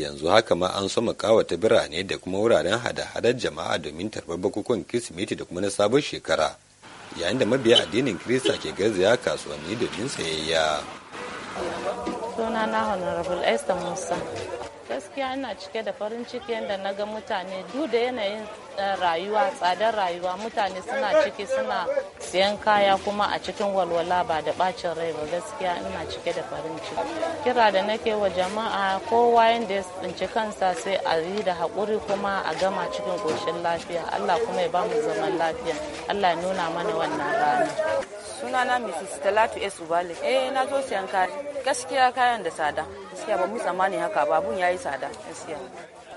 yanzu haka ma an soma kawata birane da kuma wuraren hada-hadar jama'a domin tarbar bukukuwan kirsimeti da kuma na sabon shekara yayin da mabiya addinin kirista ke garzaya kasuwanni domin sayayya sunana honorable esther musa gaskiya ina cike da farin ciki yadda na ga mutane duk da yanayin eh, rayuwa tsadar rayuwa mutane suna ciki suna siyan kaya kuma a cikin walwala ba da bacin rai ba gaskiya ina cike da farin ciki kira da nake wa jama'a kowa yadda ya tsinci kansa sai a yi da haƙuri kuma a gama cikin ƙoshin lafiya allah kuma ya ba mu zaman lafiya allah ya nuna mana wannan rana sunana mrs talatu s ubale eh na zo siyan kaya gaskiya kayan da tsada gaskiya ba mu tsammani haka ba abun yayi tsada gaskiya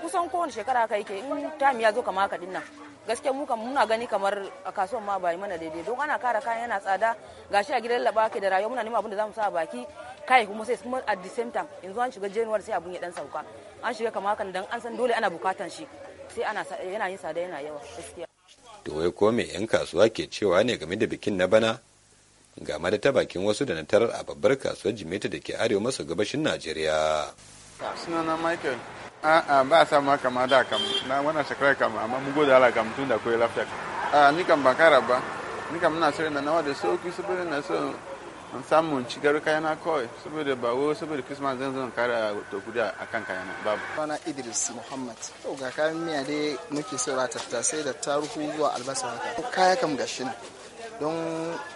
kusan kowane shekara yi yake in tam ya zo kamar haka dinnan gaskiya mu kan muna gani kamar a kasuwan ma bai mana daidai don ana kara kayan yana tsada gashi a gidan laba ke da rayuwa muna neman abin da zamu sa baki kai kuma sai kuma at the same time yanzu an shiga January sai abun ya dan sauka an shiga kamar haka dan an san dole ana bukatan shi sai ana yana yin tsada yana yawa gaskiya to wai ko me yan kasuwa ke cewa ne game da bikin na bana game da ta bakin wasu da na tarar a babbar kasuwar jimeta da ke arewa maso gabashin najeriya sunana michael a'a ba a samu haka ma da kam na wannan shekarar kam amma mun gode ala kam tun da koyi lafiya a ni kam ba kara ba ni kam na shirin na nawa da sauki saboda na so an samu ci garu kayana kawai saboda ba wo saboda christmas zan zan kara to kuda akan kayana babu sana idris muhammad to ga kayan miya dai muke so ra tattasai da taruhu zuwa albasa haka kaya kam gashin don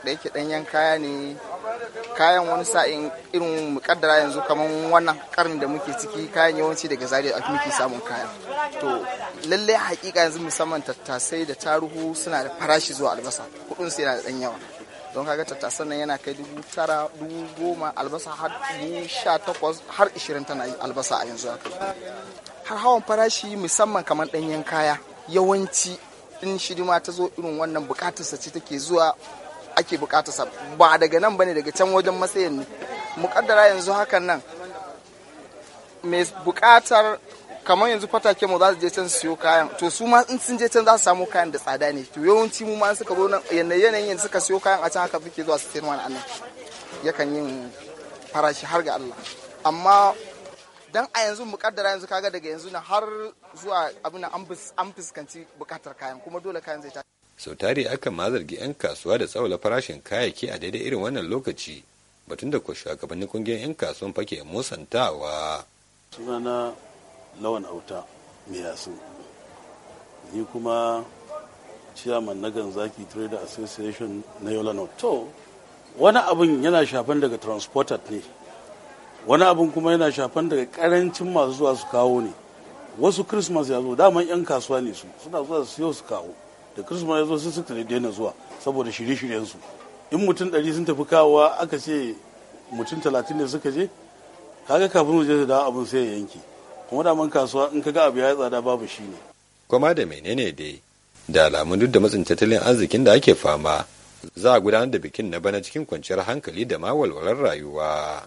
da yake ɗanyen kaya ne kayan wani sa'in irin mukaddara yanzu kamar wannan karni da muke ciki kayan yawanci daga zaria ake muke samun kaya to lallai hakika yanzu musamman tattasai da taruhu suna da farashi zuwa albasa kudin su yana da ɗan yawa don kaga tattasan nan yana kai dubu tara dubu goma albasa har dubu sha takwas har ishirin tana albasa a yanzu haka har hawan farashi musamman kamar ɗanyen kaya yawanci in ma ta zo irin wannan bukatarsa ce take zuwa ake bukatarsa ba daga nan bane daga can wajen matsayin ne mukaddara yanzu hakan nan mai bukatar kamar yanzu fatake mu za su je can su siyo kayan to su ma in sun je can za su samu kayan da tsada ne to yawanci mu ma suka zo nan yanayin yanzu suka siyo kayan a can haka fike zuwa su sayar mana annan yakan yin farashi har ga Allah amma Don a yanzu mukaddara yanzu kaga daga yanzu na har zuwa abin an fuskanci bukatar kayan kuma dole kayan zai tashi sau tari aka ma zargi 'yan kasuwa da tsaula farashin kayayyaki a daidai irin wannan lokaci batun da ko shugabannin kungiyar 'yan kasuwan fake musantawa sunana lawan auta mai yasu ni kuma ciyaman na ganzaki trader association na yola to wani abin yana shafan daga transported ne wani abin kuma yana shafan daga karancin masu zuwa su kawo ne wasu christmas ya zo daman yan kasuwa ne su suna zuwa su siyo su kawo da christmas ya zo sai suka daina zuwa saboda shirye-shiryen su in mutum ɗari sun tafi kawowa aka ce mutum talatin ne suka je kaga kafin su je su dawo abin sai ya yanke kuma daman kasuwa in kaga abu ya tsada babu shi ne kuma da menene dai da alamun duk da matsin tattalin arzikin da ake fama za a gudanar da bikin na bana cikin kwanciyar hankali da ma walwalar rayuwa